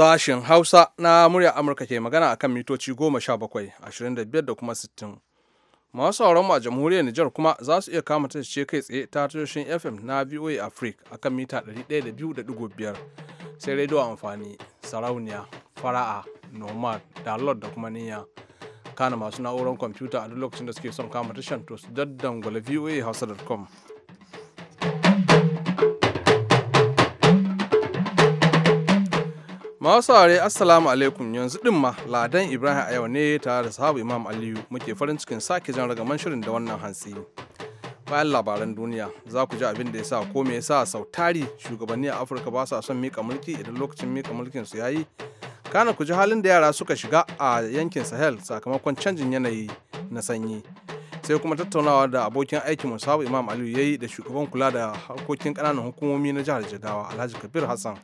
Sashen Hausa na murya Amurka ke magana a kan mitoci 17, 25 da kuma 60. Masu sauran a jamhuriyar Nijar kuma za su iya kama ce kai tsaye ta tashoshin FM na VOA Africa a kan mita 102.5 sai rediyo amfani, sarauniya, fara'a, nomad, dalot da kuma niyya. Kana masu na'urar kwamfuta a duk lokacin da suke son kama tashan to su daddangwala hausa.com Masu are assalamu alaikum yanzu din ma ladan Ibrahim a yau ne tare da sahabu Imam Aliyu muke farin cikin sake jan ragaman shirin da wannan hantsi. Bayan labaran duniya za ku ji abin da ya sa ko me ya sa sautari shugabanni a Afirka ba sa son mika mulki idan lokacin mika mulkin su yayi. Kana ku ji halin da yara suka shiga a yankin Sahel sakamakon canjin yanayi na sanyi. sai kuma tattaunawa da abokin aikin sahabu imam aliyu ya yi da shugaban kula da harkokin ƙananan hukumomi na jihar jigawa alhaji kabir hassan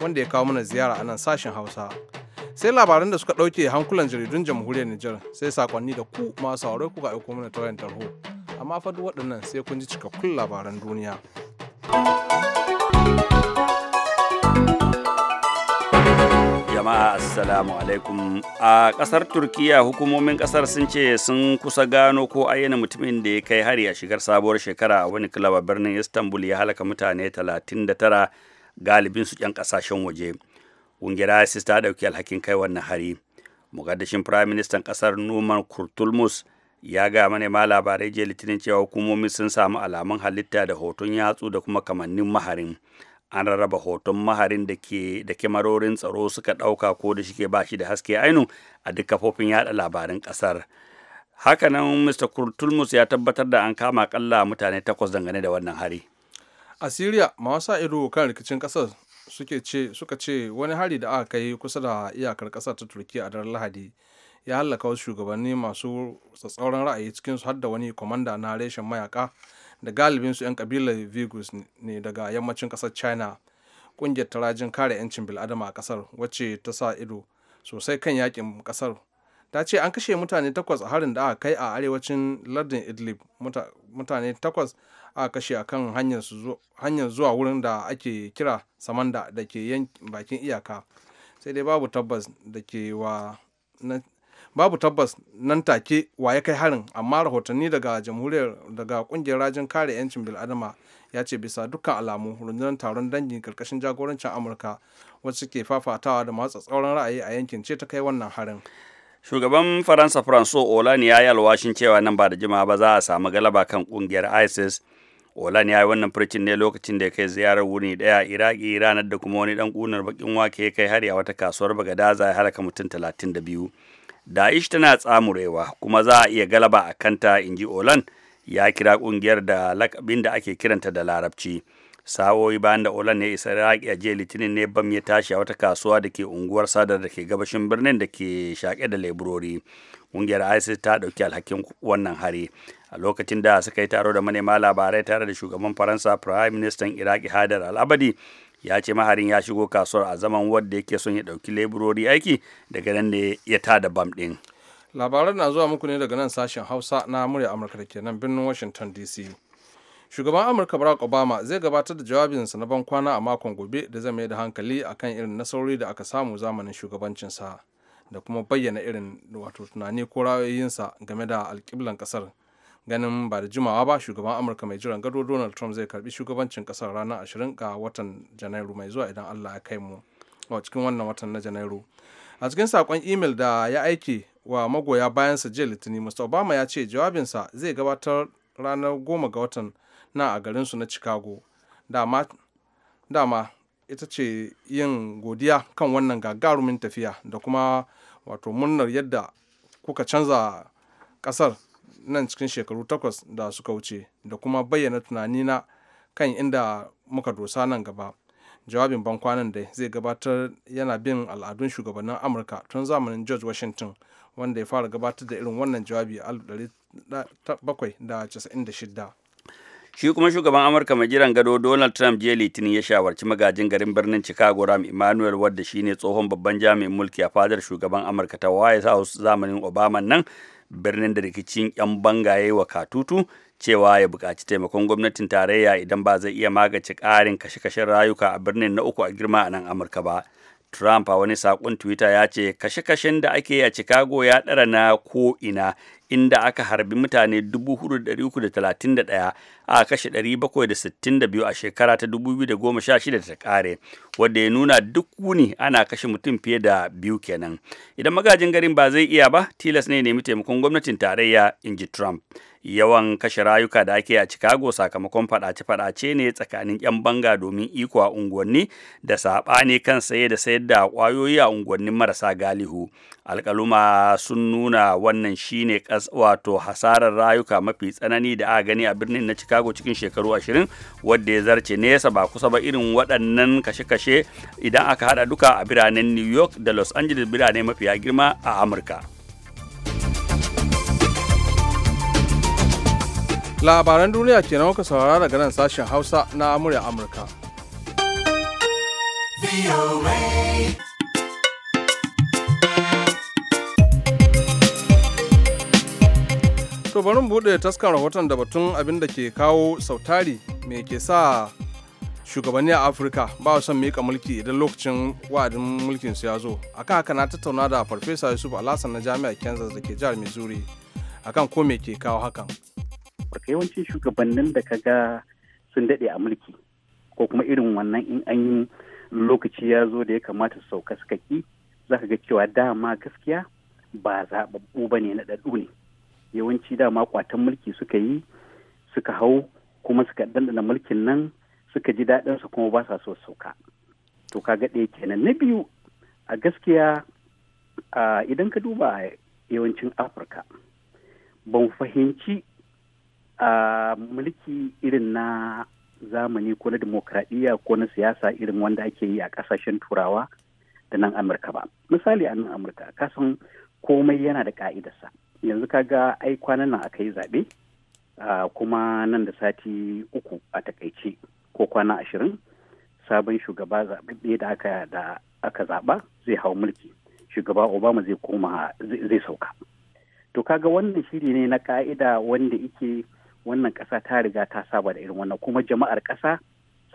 wanda ya kawo mana ziyara a nan sashen hausa sai labaran da suka ɗauke hankulan jaridun jamhuriyar nijar sai sakonni da ku masu sauraro kuka aiko mana ta wayan tarho amma fa duk waɗannan sai kun ji cikakkun labaran duniya jama'a assalamu alaikum a ƙasar turkiya hukumomin ƙasar sun ce sun kusa gano ko ayyana mutumin da ya kai hari a shigar sabuwar shekara a wani kilaba birnin istanbul ya halaka mutane 39 galibin su 'yan kasashen waje ƙungiyar isis ta ɗauki alhakin kai wannan hari firayim firaministan ƙasar numan kurtulmus ya ga manema labarai je litinin cewa hukumomi sun samu alamun halitta da hoton yatsu da kuma kamannin maharin an rarraba hoton maharin da ke da kyamarorin tsaro suka ɗauka ko da shike ba shi da haske ainu a duk kafofin yada labarin kasar. hakanan mr kurtulmus ya tabbatar da an kama kalla mutane takwas dangane da wannan hari a syria masu ido kan rikicin kasar suka ce wani hari da aka kai kusa da iyakar kasar ta turkiya a daren lahadi ya hallaka wasu shugabanni masu tsatsauran ra'ayi cikinsu har da wani kwamanda na reshen mayaka da galibin su 'yan kabilar vigus ne daga yammacin kasar china kungiyar tarajin kare 'yancin bil'adama a kasar wacce ta sa ido sosai kan yakin kasar ta ce an kashe mutane takwas a harin da aka kai a arewacin lardin idlib mutane takwas aka kashe a kan hanyar zuwa wurin da ake kira samanda da ke bakin iyaka sai dai babu tabbas da ke wa babu tabbas nan take wa ya kai harin amma rahotanni daga jamhuriyar daga kungiyar rajin kare 'yancin bil'adama ya ce bisa dukkan alamu rundunar taron dangi karkashin jagorancin amurka wacce ke fafatawa da masu tsauran ra'ayi a yankin ce ta kai wannan harin shugaban faransa franco olani ya yi alwashin cewa nan ba da jimawa ba za a samu galaba kan kungiyar isis olan ya yi wannan furcin ne lokacin da ya kai ziyarar wuni daya iraki ranar da kuma wani dan kunar bakin wake ya kai hari a wata kasuwar bagadaza ya halaka mutum talatin da 32 daish tana tsamurewa kuma za a iya galaba a kanta inji olan ya kira ƙungiyar da lakabin da ake kiranta da larabci sa'o'i bayan da olan ya isa iraki a jiya litinin ne bam ya tashi a wata kasuwa da ke unguwar sadar da ke gabashin birnin da ke shaƙe da leburori ƙungiyar isis ta ɗauki alhakin wannan hari a lokacin da suka yi taro da manema labarai tare da shugaban faransa prime minister iraki hadar al'abadi ya ce maharin ya shigo kasuwar a zaman wadda yake son ya dauki leburori aiki daga nan ne ya tada bam ɗin labaran na zuwa muku ne daga nan sashen hausa na murya amurka da ke nan birnin washington dc shugaban amurka barack obama zai gabatar da jawabinsa na ban kwana a makon gobe da zai mai da hankali akan irin nasarori da aka samu zamanin shugabancinsa da kuma bayyana irin wato tunani ko ra'ayoyinsa game da alƙiblan ƙasar ganin ba da jimawa ba shugaban amurka mai jiran gado donald trump zai karbi shugabancin kasar ranar 20 ga watan janairu mai zuwa idan allah ya kai mu a cikin wannan watan na janairu a cikin sakon imel da ya aiki wa magoya bayansa jiya litinin mr obama ya ce jawabinsa zai gabatar ranar goma ga watan na a garin su na chicago dama, dama ita ce yin godiya kan wannan gagarumin tafiya da kuma wato murnar yadda kuka canza kasar nan cikin shekaru takwas da suka wuce da kuma bayyana tunani na kan inda muka dosa nan gaba jawabin bankwanan da zai gabatar yana bin al'adun shugabannin amurka tun zamanin george washington wanda ya fara gabatar da irin wannan jawabi a 1796 shi kuma shugaban amurka mai jiran gado donald trump jiya litinin ya shawarci magajin garin birnin chicago ram emmanuel wadda shine tsohon babban jami'in mulki a fadar shugaban amurka ta white house zamanin obama nan birnin da rikicin 'yan bangaye wa katutu cewa ya buƙaci taimakon gwamnatin tarayya idan ba zai iya magance ƙarin kashe-kashen rayuka a birnin na uku a girma a nan amurka ba Trump a wani saƙon Twitter ya ce kashe-kashen da ake yi a Chicago ya ɗara na ko'ina inda aka harbi mutane 4,331 a kashe 762 a shekara ta 2016 ta kare wadda ya nuna duk wuni ana kashe mutum fiye da biyu kenan idan magajin garin ba zai iya ba tilas ne nemi taimakon gwamnatin tarayya in ji Trump yawan kashe rayuka da ake a chicago sakamakon fadace-fadace ne tsakanin 'yan banga domin iko a unguwanni da saɓani kan saye da sayar da kwayoyi a unguwannin marasa galihu alkaluma sun nuna wannan shine wato hasarar rayuka mafi tsanani da aka gani a birnin na chicago cikin shekaru 20 wadda ya zarce nesa ba kusa ba irin waɗannan kashe-kashe idan aka haɗa duka a biranen new york da los angeles birane mafiya girma a amurka labaran duniya kenan kuka saurara daga nan sashen hausa na murya amurka to bari mu bude taskan rahoton da batun abin da ke kawo sautari me ke sa shugabanni a afirka ba son mika mulki idan lokacin wa'adin mulkin su ya zo akan haka na tattauna da farfesa yusuf alhassan na jami'ar kansas da ke jihar missouri akan ko me ke kawo hakan baka yawancin shugabannin da ka ga sun daɗe a mulki ko kuma irin wannan in an yi lokaci ya zo da ya kamata su sauka suka ki za ka ga cewa dama gaskiya ba zaɓaɓɓu ba ne na ɗaɗɗu ne yawanci dama kwatan mulki suka yi suka hau kuma suka ɗanɗana mulkin nan suka ji su kuma ba sa so sauka to kaga ɗaya kenan na biyu a gaskiya idan ka duba yawancin afirka ban fahimci a mulki irin na zamani ko na demokradiyya ko na siyasa irin wanda ake yi a kasashen turawa da nan amurka ba misali a nan amurka kasan komai yana da ka'idarsa yanzu kaga ai kwanan nan aka yi zaɓe kuma nan da sati uku a takaice ko kwana ashirin sabon shugaba zaɓaɓɓe da aka da aka zaɓa zai hau mulki shugaba obama zai koma zai sauka to kaga wannan shiri ne na ka'ida wanda yake wannan ƙasa ta riga ta saba da irin wannan kuma jama'ar ƙasa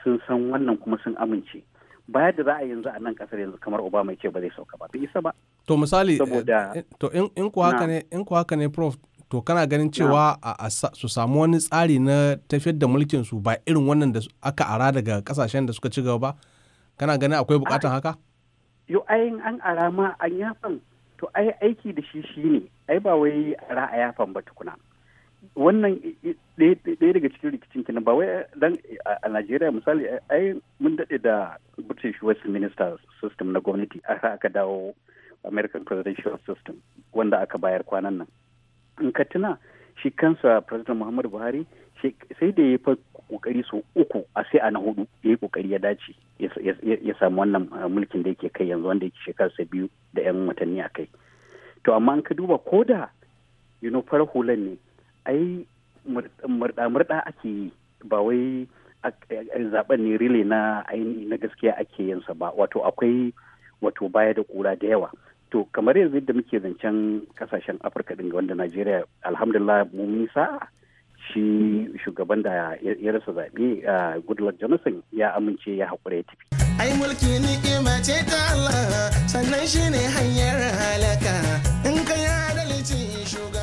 sun san wannan kuma sun amince baya da za a yanzu a nan ƙasar yanzu kamar obama ce ba zai sauka ba bai isa ba to misali eh, eh, to in ku haka ne in ku haka ne prof to kana ganin cewa su samu wani tsari na tafiyar da mulkin su ba irin wannan da aka ara daga kasashen da suka ci gaba ba kana ganin akwai bukatan haka yo ai an arama an yafan to ai aiki da shi shine ai ba wai ara a yafan ba tukuna wannan ɗaya daga cikin rikicin kina ba wai a Najeriya misali ai mun daɗe da British West Minister system na gwamnati aka dawo American Presidential System wanda aka bayar kwanan nan. In ka tuna shi kansa President Muhammadu Buhari sai da ya fa kokari so uku a sai a na hudu ya yi kokari ya dace ya samu wannan uh, mulkin da yake kai yanzu wanda yake shekarsa biyu da 'yan watanni a kai. To amma an ka duba ko da you know hulan ne ai murɗa-murɗa ake yi ba wai eh, zaben ne rile na ainihi na gaskiya ake yinsa ba wato akwai wato baya da kura da yawa to kamar yanzu da muke zancen kasashen afirka din wanda najeriya alhamdulillah mu nisa shi shugaban da ya rasa zaɓe goodluck jonathan ya amince ya haƙura ya tafi ai mulki ni ce ta allah sannan shi ne hanyar halaka in ka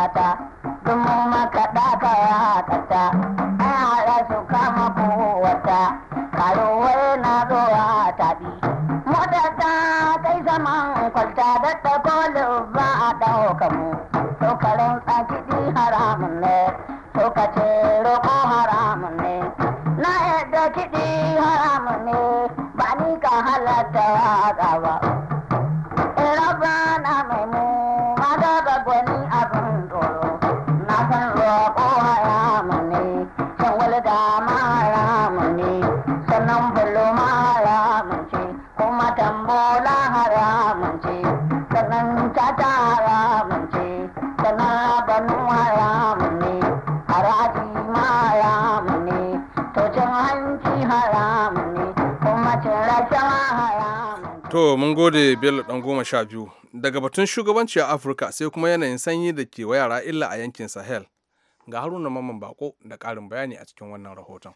matata, dun mu maka To mun gode Bello dan goma sha biyu. Daga batun shugabanci a Afirka sai kuma yanayin sanyi da ke wayara illa a yankin Sahel. Ga Haruna Mamman Bako da ƙarin bayani a cikin wannan rahoton.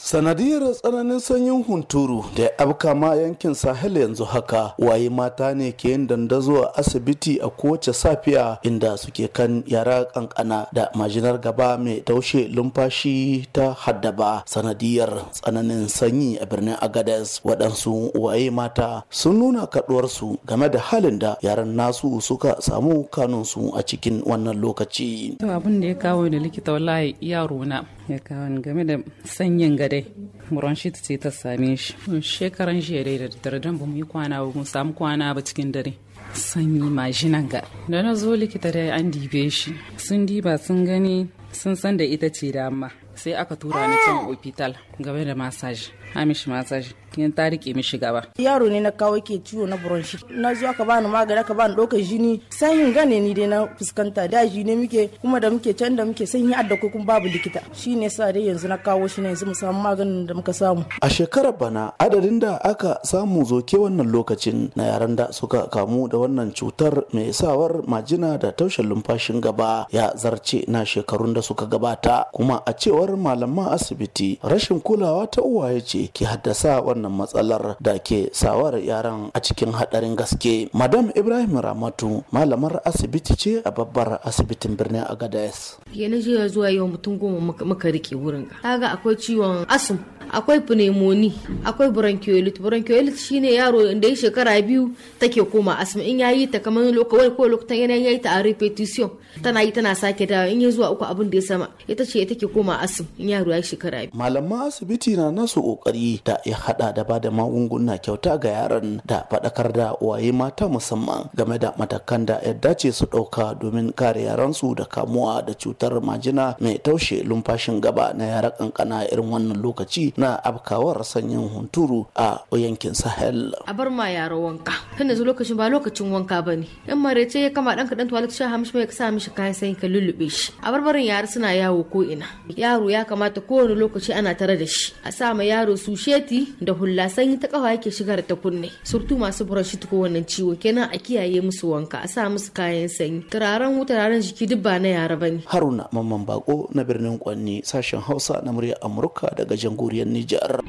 sanadiyar tsananin sanyin hunturu da ya abka ma yankin sahel yanzu haka waye mata ne ke yin dandazo a asibiti a kowace safiya inda suke kan yara kankana da majinar gaba mai taushe lumfashi ta haddaba sanadiyar tsananin sanyi a birnin agadas waɗansu waye mata sun nuna kaɗuwarsu game da halin da yaran nasu suka samu kanunsu a cikin wannan lokaci abin da ya kawo da likita wallahi yaro na ya kawo game da sanyin gadai muron shi ce ta same shi shekaran jiya dai da daddare ba mu yi kwana ba mu samu kwana ba cikin dare sanyi majinan ga da na zo likita dai an dibe shi sun diba sun gani sun san da ita ce dama sai aka tura ni can hospital game da massage hamish massage kin ta rike mishi gaba yaro ne na kawo ke ciwo na bronchi na zuwa ka bani magani ka bani dokar jini sanyin gane ni dai na fuskanta da ne muke kuma da muke can da muke sai sanyi adda ko kuma babu likita shine sa dai yanzu na kawo shi ne yanzu mu samu maganin da muka samu a shekarar bana adadin da aka samu zoke wannan lokacin na yaran da suka kamu da wannan cutar mai sawar majina da taushen lumfashin gaba ya zarce na shekarun da suka gabata kuma a cewar cewar malaman asibiti rashin kulawa ta uwaye ce ke haddasa wannan matsalar da ke sawar yaran a cikin hadarin gaske madam ibrahim ramatu malamar asibiti ce a babbar asibitin birnin agadez ya na zuwa yau mutum goma muka rike wurin ka. ga akwai ciwon asum akwai pneumonia akwai bronchiolitis bronchiolitis shine yaro da ya shekara biyu take koma asma in yayi ta kamar lokacin ko lokutan yana yayi ta a repetition tana yi tana sake dawa in ya zuwa uku abin da ya sama ita ce take koma asma in yaro ya shekara biyu malaman asibiti na nasu kokari da ya hada da bada magunguna kyauta ga yaran da fadakar da waye mata musamman game da matakan da ya dace su dauka domin kare yaransu da kamuwa da cutar majina mai taushe lumfashin gaba na yara kankana irin wannan lokaci na abkawar sanyin hunturu a yankin sahel a bar ma yaro wanka tunda su lokacin ba lokacin wanka ba ne in marece ya kama ɗanka ɗan tuwalit sha hamishi mai ka sa mishi kayan sanyi ka lullube shi a barbarin yara suna yawo ko ina yaro ya kamata kowane lokaci ana tare da shi a sa ma yaro su sheti da hulla sanyi ta kafa yake shigar ta kunne surtu masu burashi ko wannan ciwo kenan a kiyaye musu wanka a sa musu kayan sanyi turaren turaren jiki duk ba na yara bane haruna mamman bako na birnin kwanni sashen hausa na murya amurka daga jamhuriyar Nijar.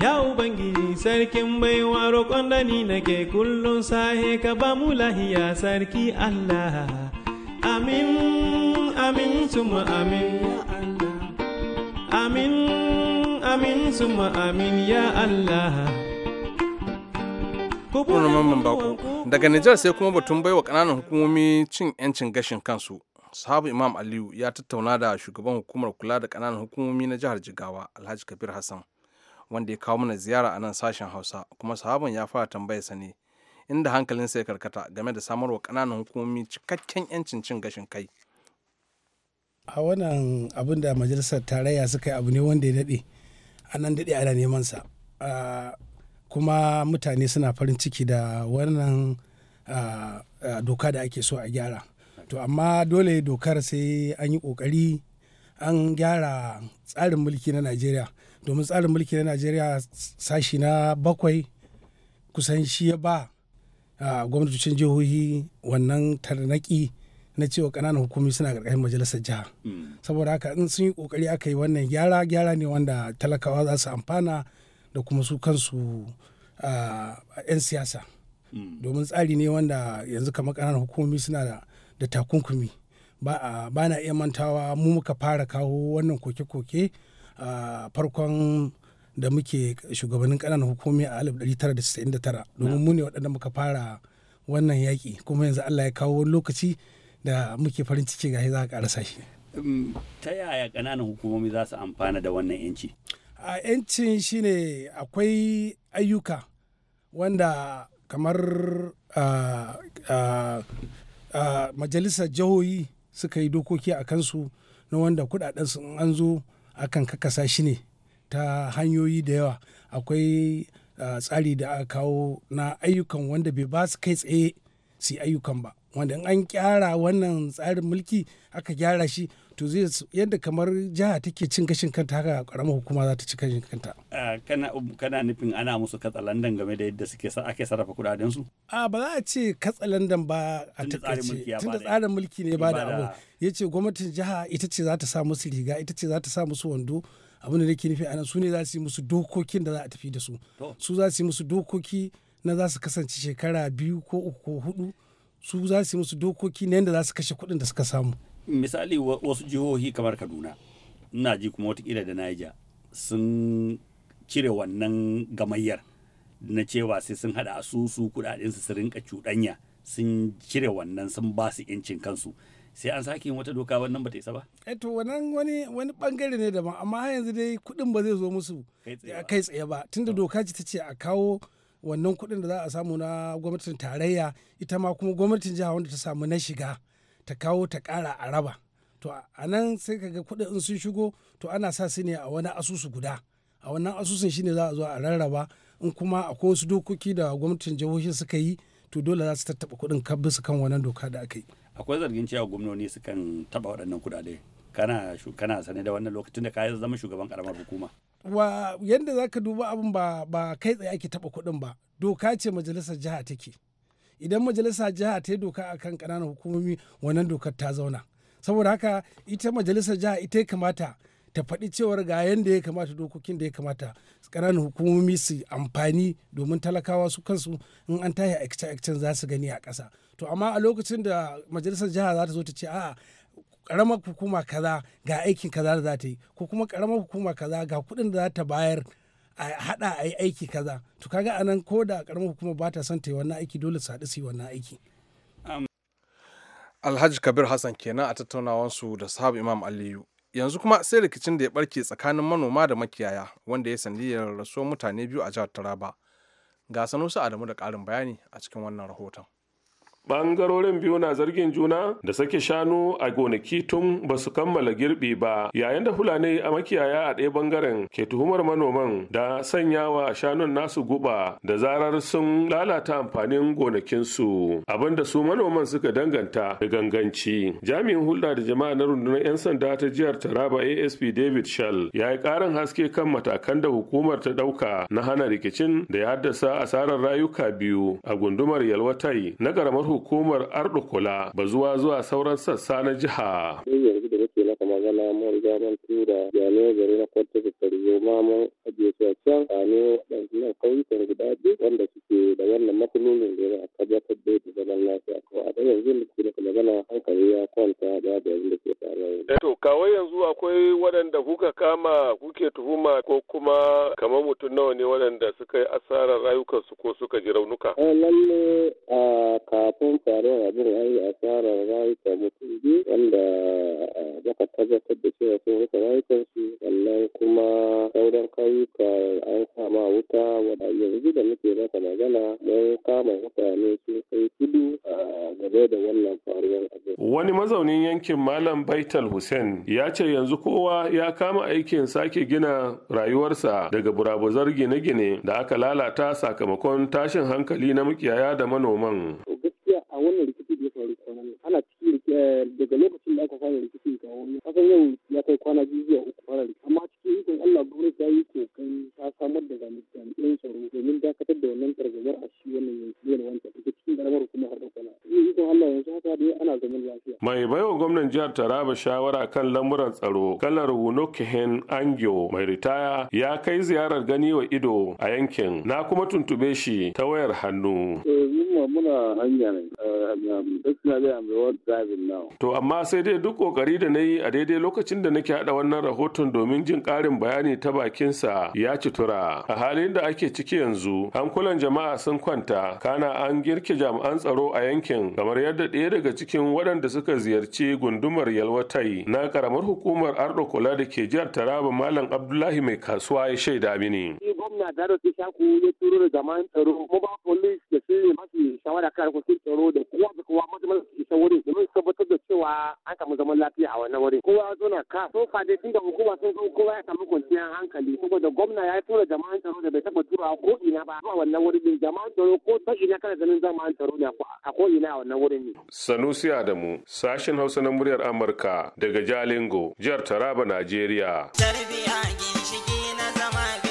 Ya Ubangiji sarkin baiwa roƙon da ni nake kullum sahe ka ba mu lahiya sarki Allah. Amin, amin, suma amin, ya Allah. Amin, amin, suma amin, ya Allah. mamman Bako. Daga Nijar sai kuma batun baiwa ƙananan hukumomi cin 'yancin gashin kansu sahabu imam aliyu ya tattauna da shugaban hukumar kula da kananan hukumomi na jihar jigawa alhaji kabir hassan wanda ya kawo mana ziyara a nan sashen hausa kuma sahabun ya fara sa ne inda hankalinsa ya karkata game da samarwa kananan hukumomi cikakken yancin cin gashin kai a wannan abin da majalisar tarayya suka yi abu ne wanda ya daɗe a nan daɗe ana neman sa kuma mutane suna farin ciki da wannan doka da ake so a gyara to amma dole dokar sai an yi kokari an gyara tsarin mulki na najeriya domin tsarin mulki na najeriya sashi na bakwai kusan shi ya ba a gwamnatocin jihohi wannan tarnaki na cewa kananan hukumi suna karkashin majalisar jiha mm. saboda haka in sun yi kokari aka yi wannan gyara gyara ne wanda talakawa za su amfana da kuma su kansu 'yan siyasa mm. domin tsari ne wanda yanzu kamar kananan hukumomi suna da da takunkumi ba na iya mantawa mu muka fara kawo wannan koke-koke a farkon da muke shugabannin kananan hukumi a 1999 domin mu ne waɗanda muka fara wannan yaƙi kuma yanzu Allah ya kawo wani lokaci da muke farin ciki ga za a ƙarasa shi. Mm, ta yaya ƙananan hukumomi za su amfana da wannan 'yanci? A 'yancin shine akwai ayyuka wanda kamar a majalisar jihohi suka yi dokoki a kansu na wanda kudaden sun an zo akan kakasa shi ne ta hanyoyi da yawa akwai tsari da aka kawo na ayyukan wanda bai ba su kai tsaye su ayyukan ba wanda in an kyara wannan tsarin mulki aka gyara shi to zai yadda kamar jiha take cin gashin kanta haka karamar hukuma za ta ci gashin kanta kana kana nufin ana musu katsalandan game da yadda suke ake sarrafa kudaden su a ba za a ce katsalandan ba a takaice tunda tsarin mulki ne ba da abu ce gwamnatin jiha ita ce za ta sa musu riga ita ce za ta sa musu wando abin da nake nufi ana su ne za su yi musu dokokin da za a tafi da su su za su yi musu dokoki na za su kasance shekara biyu ko uku ko hudu su za su yi musu dokoki na yadda za su kashe kuɗin da suka samu misali wasu jihohi kamar kaduna ina ji kuma watakila da naija sun cire wannan gamayyar na cewa sai sun hada asusu kudadensu su rinka cuɗanya sun cire wannan sun ba su yancin kansu sai an sake wata doka wannan ba ta isa ba eto eh wannan wani wani bangare ne daban amma har yanzu dai kudin ba zai zo musu kai tsaye ba tunda doka ce ta ce a kawo wannan kudin da za a samu na gwamnatin tarayya ita ma kuma gwamnatin jiha wanda ta samu na shiga ta kawo ta ƙara a raba to a nan sai ka ga in sun shigo to ana sa su ne a wani asusu guda a wannan asusun shine za a zo a rarraba in kuma akwai wasu dokoki da gwamnatin jihohi suka yi to dole za su tattaba kuɗin kan su kan wannan doka da aka yi akwai zargin cewa gwamnoni kan taba waɗannan kudade kana kana sane da wannan lokacin da ka zama shugaban karamar hukuma wa yadda za ka duba abin ba kai tsaye ake taba kuɗin ba doka ce majalisar jiha take idan majalisa jiha ta yi doka akan kananan hukumomi wannan dokar ta zauna saboda haka ita majalisar jiha ita ya kamata ta faɗi cewar ga yadda ya kamata dokokin da ya kamata ƙananan hukumomi su amfani domin talakawa su kansu in an tahi aikace-aikacen za su gani a ƙasa to amma a lokacin da majalisar jiha za ta zo ta ce a'a ƙaramar hukuma kaza ga aikin kaza da za ta yi ko kuma ƙaramar hukuma kaza ga kuɗin da za ta bayar a haɗa a yi aiki kaza to kaga anan ko da karamar hukumar ba ta son ta yi wannan aiki dole su haɗu su yi wannan aiki alhaji kabir hassan kenan a tattaunawar su da sahab imam aliyu yanzu kuma sai rikicin da ya barke tsakanin manoma da makiyaya wanda ya sanadiyar rasuwar mutane biyu a jihar taraba ga sanusi adamu da ƙarin bayani a cikin wannan rahoton bangarorin biyu na zargin juna da sake shanu a gonaki tun ba su kammala girbi ba yayin da Fulani a makiyaya a ɗaya bangaren ke tuhumar manoman da sanyawa shanun nasu guba da zarar sun lalata amfanin gonakinsu abinda su manoman suka danganta da ganganci. Jami'in hulɗa da jama'a na rundunar 'yan sanda ta jihar Taraba ASP David Shell ya yi ƙarin haske kan matakan da hukumar ta ɗauka na hana rikicin da ya haddasa asarar rayuka biyu a gundumar Yalwatai na ƙaramar hukumar kula bazuwa zuwa sauran sassa na jiha. yanzu da nake maka magana mun ga mun tura jami'an gari na kwanta da tarzo ma mun ajiye su a can a ne waɗannan kauyukan guda biyu wanda suke da wannan matsalolin da ya tabbatar da zaman har yanzu da ke da magana hankali ya kwanta da da da ke faruwa yanzu. Eh to kawai yanzu akwai waɗanda kuka kama kuke tuhuma ko kuma kamar mutum nawa ne waɗanda suka yi asarar rayukansu ko suka ji raunuka. Eh, lalle a kafin faruwar abin an yi asarar rayuka mutum biyu wanda baka tabbatar da cewa sun rasa rayukansu kuma sauran kayuka an sama wuta wadda yanzu da muke maka magana don kama mutane sun kai kudu a game da wannan faruwar abin. Wani mazaunin yankin Malam Baital Hussein ya ce yanzu kowa ya kama aikin sake gina rayuwarsa daga burabuzar gine-gine da aka lalata sakamakon tashin hankali na mukiyaya da manoman. Gaskiya a wannan rikici da ya faru ana cikin eh, daga lokacin da aka fara rikici kawo kasan yau ya kai kwana biyu zuwa uku fara ta yi kokari ta samar da jami'an tsaro domin dakatar da wannan tarzomar a shi wannan yanki yana wancan take cikin karamar hukumar Harkokola. Ikon Allah yanzu haka dai ana zaman lafiya. Mai baiwa gwamnan jihar Taraba shawara kan lamuran tsaro kalar wunokehen Angio mai ritaya ya kai ziyarar gani wa ido a yankin na kuma tuntube shi ta wayar hannu. Eh, muna hanya ne eh, ina da driving now to amma sai dai duk kokari da na yi a daidai lokacin da nake haɗa wannan rahoton domin jin karin bayani ta bakinsa ya citura a halin da ake ciki yanzu hankulan jama'a sun kwanta kana an girke jami'an tsaro a yankin kamar yadda ɗaya daga cikin waɗanda suka ziyarci gundumar yalwatai na karamar hukumar ardo kula da ke jihar taraba malam abdullahi mai kasuwa ya shaida mini gwamna ta rufe shaku ya turo da jami'an tsaro mobile police da su masu shawara kan harkokin tsaro da kowa da kowa su isa wurin domin su tabbatar da cewa an samu zaman lafiya a wannan wurin kowa ya zauna ka so fa dai tunda hukuma sun zo kowa ya samu kwanciyar hankali saboda gwamna ya tura jama'an tsaro da bai taɓa turawa ko ina ba a wannan wurin din jama'an tsaro ko ta ina kana ganin jama'an tsaro ne a ko ina a wannan wurin ne Sanusi Adamu sashen Hausa na muryar Amurka daga Jalingo jihar Taraba Najeriya Tarbiya ginshiki na zama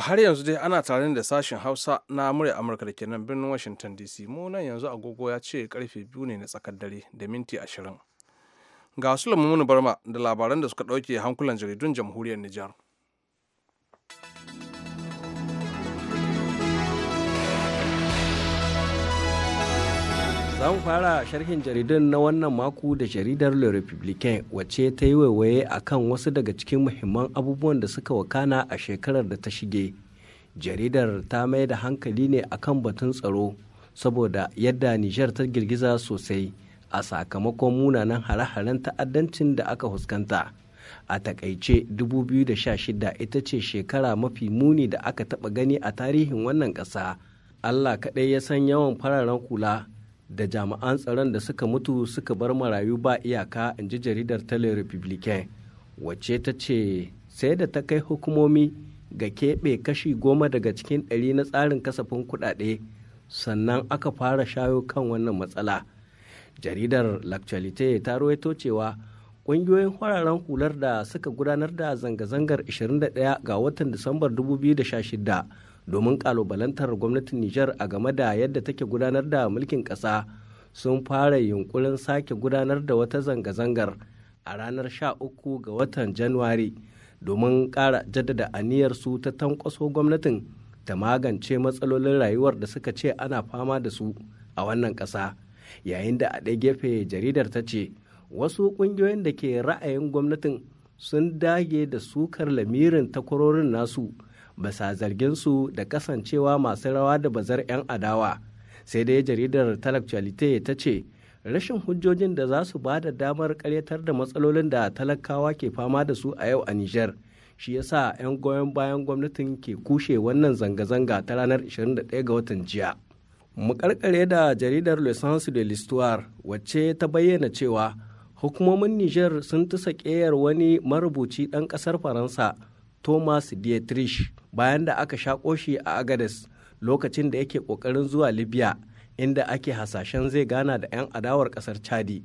har yanzu dai ana tare da sashen Hausa na murya Amurka da ke nan birnin Washington DC. Mu nan yanzu agogo ya ce karfe biyu ne na tsakar dare da minti ashirin. Ga Sulaiman Barma da labaran da suka ɗauke hankulan jaridun jamhuriyar Nijar. za mu fara sharhin jaridun na wannan mako da jaridar le republicain wacce ta yi waiwaye a kan wasu daga cikin muhimman abubuwan da suka wakana a shekarar da ta shige jaridar ta mai da hankali ne a kan batun tsaro saboda yadda nijar ta girgiza sosai a sakamakon munanan hare-haren ta'addancin da aka fuskanta a takaice 2016 ita ce shekara mafi muni da aka taba gani a tarihin wannan ƙasa allah kaɗai ya san yawan fararen kula da jami'an tsaron da suka mutu suka bar marayu ba iyaka in ji jaridar tele republican wacce ta ce sai da ta kai hukumomi ga keɓe kashi goma daga cikin ɗari na tsarin kasafin kuɗaɗe sannan aka fara shayo kan wannan matsala jaridar l'actualité ta rawaito cewa ƙungiyoyin fararen hular da suka gudanar da zanga-zangar 21 ga watan disambar 2016 domin kalubalantar gwamnatin Nijar a game da yadda take gudanar da mulkin ƙasa sun fara yunkurin sake gudanar da wata zanga-zangar a ranar 13 ga watan Januwari domin ƙara jaddada aniyarsu ta tankwaso gwamnatin ta magance matsalolin rayuwar da suka ce ana fama da su a wannan ƙasa yayin da a ɗaya gefe jaridar ta ce wasu ƙungiyoyin da ke ra'ayin gwamnatin sun dage da sukar lamirin takwarorin nasu basa zargin su da kasancewa masu rawa da bazar 'yan adawa sai dai jaridar talakcalite ta ce rashin hujjojin da za su ba da damar karyatar da matsalolin da talakawa ke fama da su a yau a nijar shi yasa 'yan goyon bayan gwamnatin ke kushe wannan zanga-zanga ta ranar 21 ga watan jiya mu karkare da jaridar l'essence de l'histoire wacce ta bayyana cewa hukumomin niger sun tusa keyar wani marubuci ɗan ƙasar faransa thomas dietrich bayan da aka sha koshi a agades lokacin da yake kokarin zuwa libya inda ake hasashen zai gana da 'yan adawar kasar chadi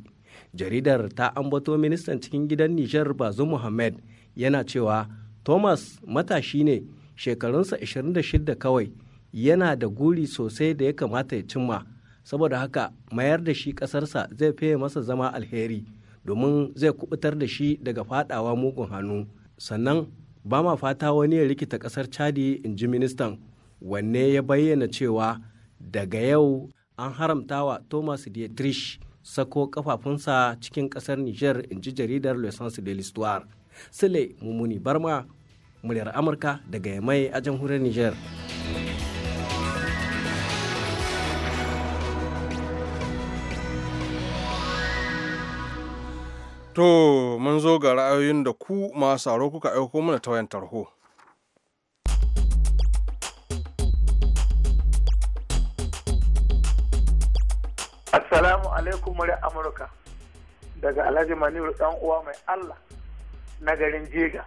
jaridar ta ambato ministan cikin gidan nijar bazu muhammad yana cewa thomas matashi ne shekarunsa 26 kawai yana da guri sosai da ya kamata ya cimma saboda haka mayar da shi kasarsa zai fiye masa zama alheri domin zai kubutar da shi daga fadawa mugun hannu sannan ba ma fata wani ya rikita kasar chadi in ji ministan wanne ya bayyana cewa daga yau an haramtawa wa thomas dietrich sako kafafunsa cikin kasar niger in ji jaridar l'essence de l'histoire sule mummuni barma muryar amurka daga yamai a jamhuriyar niger To, mun zo ga ra'ayoyin da ku masu aro kuka aiko mana ta wayan tarho. Assalamu alaikum murya Amurka daga Alhaji Maniru ɗan uwa mai Allah na garin Jega.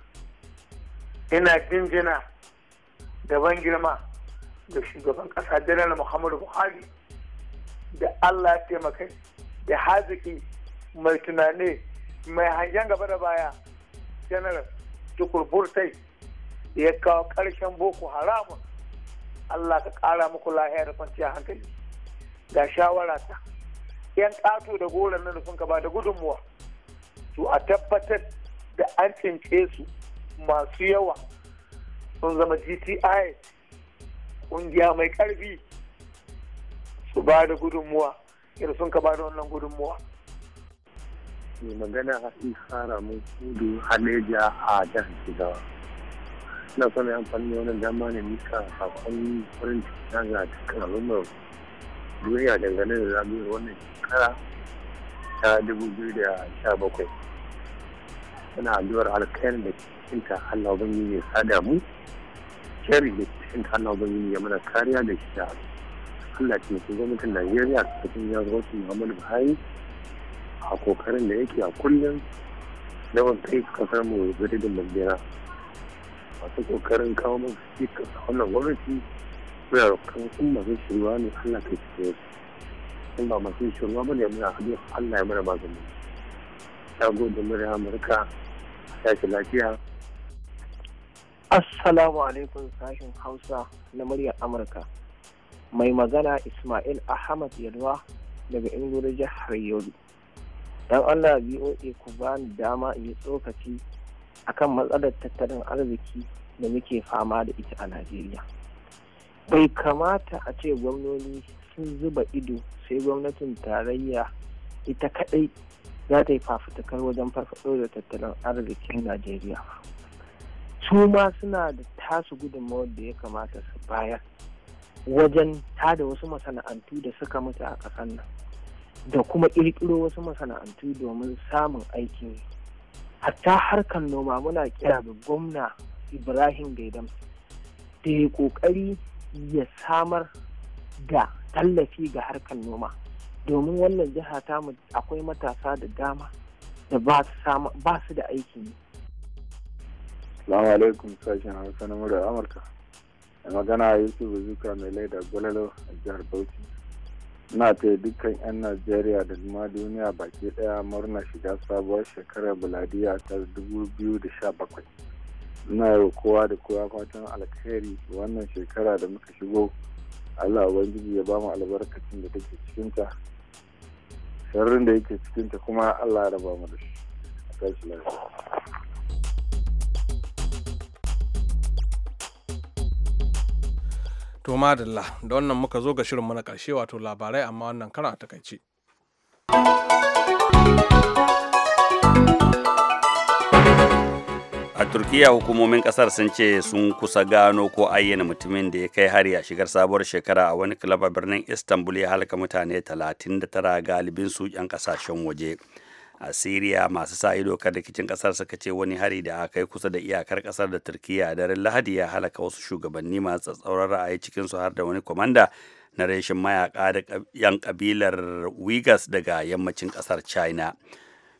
Ina jinjina da ban girma da shugaban ƙasa Janar Muhammadu Buhari da Allah ya taimaka da haziki mai tunane mai hangen gaba da baya general tukur burtai ya kawo ƙarshen boko haramun allah ka ƙara muku lahiya da kwanciyar hankali ga shawara ta yan ƙato da goron na sun ba da gudunmuwa Su a tabbatar da an cince su masu yawa sun zama gti ƙungiya mai ƙarfi su ba da gudunmuwa irin sun ka ba da wannan gudunmuwa mai magana hafi fara mun kudu haleja a jihar Jigawa. Ina son amfani da wannan dama ne mika sakon farin ciki na ga dukkan al'ummar duniya dangane da zagayowar wannan shekara ta dubu biyu da sha bakwai. Ina addu'ar alkhairi da cikinta Allah ban yi ne sada mu. kyari da cikinta Allah ban yi ya mana kariya da shi da Allah ya taimaki gwamnatin Najeriya ta cikin yawon Muhammadu Buhari a kokarin da yake a kullum da ban kai suka samu ziridin mabina masu kokarin kawo masu cikas a wannan gwamnati muna rukun kuma masu shirwa ne allah kai kai in ba masu shirwa ba ne muna hadu allah ya mana zama ta gode murya amurka a ce lafiya Assalamu alaikum sashen Hausa na muryar Amurka. Mai magana Ismail Ahmad Yalwa daga Inguru jihar Yobe. don allah voa ku ba ni dama in yi tsokaci kan matsalar tattalin arziki da muke fama da ita a najeriya bai kamata a ce gwamnoni sun zuba ido sai gwamnatin tarayya ita kadai za ta yi fafutukar wajen farfaɗo da tattalin arzikin najeriya su ma suna da tasu gudunmawar da ya kamata su bayar wajen tada wasu masana'antu da suka mutu a ƙasar nan da kuma ƙirƙiro wasu masana'antu domin samun aikin hatta harkar noma muna kira ga gwamna ibrahim gaidam da ya kokari ya samar da tallafi ga harkar noma domin wannan jiha ta akwai matasa da dama da ba su da aiki yi. Salamu alaikum sashen Hausa na murar Amurka. Da magana Yusuf Zuka mai laida gwalalo a jihar Bauchi. na ta dukkan 'yan najeriya da ma duniya baki daya murna shiga sabuwar shekarar baladiya ta 2017 ina yi kowa da kowa fatan alkhairi wannan shekara da muka shigo allah ubangiji ya bamu albarkacin da take cikinta sharrin da yake cikinta kuma allah ya raba mu da shi a To madalla da wannan muka zo ga shirinmu na ƙarshe wato labarai amma wannan karan a takaice. A Turkiyya hukumomin kasar sun ce sun kusa gano ko ayyana mutumin da ya kai hari a shigar sabuwar shekara a wani kilaba birnin Istanbul ya halaka mutane 39 galibin su 'yan kasashen waje. a siriya masu sa ido kan rikicin kasar suka ce wani hari da aka yi kusa da iyakar kasar da turkiya a daren lahadi ya halaka wasu shugabanni masu tsatsauran ra'ayi cikin su har da wani kwamanda na reshen mayaka da yan kabilar uyghurs daga yammacin kasar china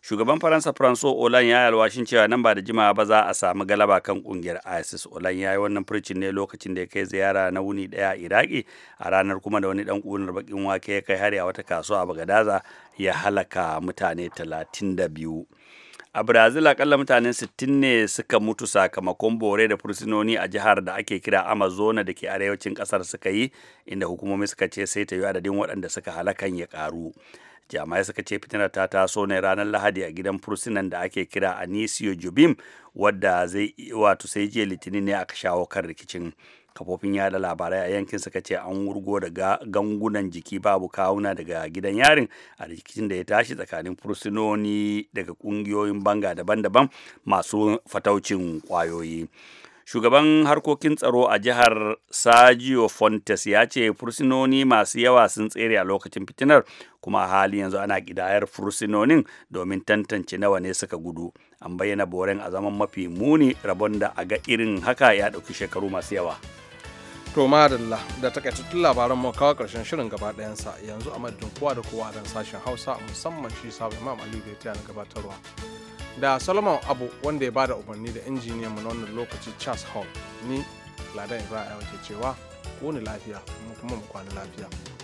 shugaban faransa franco olan ya alwashin cewa nan ba da jimawa ba za a samu galaba kan kungiyar isis olan ya yi wannan furcin ne lokacin da ya kai ziyara na wuni daya a iraki a ranar kuma da wani dan kunar bakin wake ya kai hari a wata kasuwa a bagadaza ya halaka mutane 32 a brazil akalla mutane 60 ne suka mutu sakamakon bore da fursunoni a jihar da ake kira amazona da ke arewacin kasar suka yi inda hukumomi suka ce sai ta yi adadin waɗanda suka halakan ya ƙaru. jami'ai suka ce fitinar ta taso ne ranar lahadi a gidan fursunan da ake kira anisio jubim wadda zai wato sai jiya litinin ne aka shawo kan rikicin kafofin yada labarai a yankin suka ce an wurgo da gangunan jiki babu kawuna daga gidan yarin a rikicin da ya tashi tsakanin fursunoni daga kungiyoyin banga daban-daban masu fataucin kwayoyi. shugaban harkokin tsaro a jihar sajiyo Fontes ya ce fursunoni masu yawa sun tsere a lokacin fitinar kuma a hali yanzu ana kidayar fursunonin domin tantance nawa ne suka gudu an bayyana boren a zaman mafi muni rabon da a ga irin haka ya ɗauki shekaru masu yawa to madalla da takaitattun labaran mu kawo karshen shirin gaba ɗayansa yanzu a madadin kowa da kowa don sashen hausa musamman shi sabon imam ali bai na gabatarwa da solomon abu wanda ya bada umarni da injiniyan mu na wannan lokaci charles hall ni ladan ibrahim ke cewa ko ni lafiya kuma mu kwana lafiya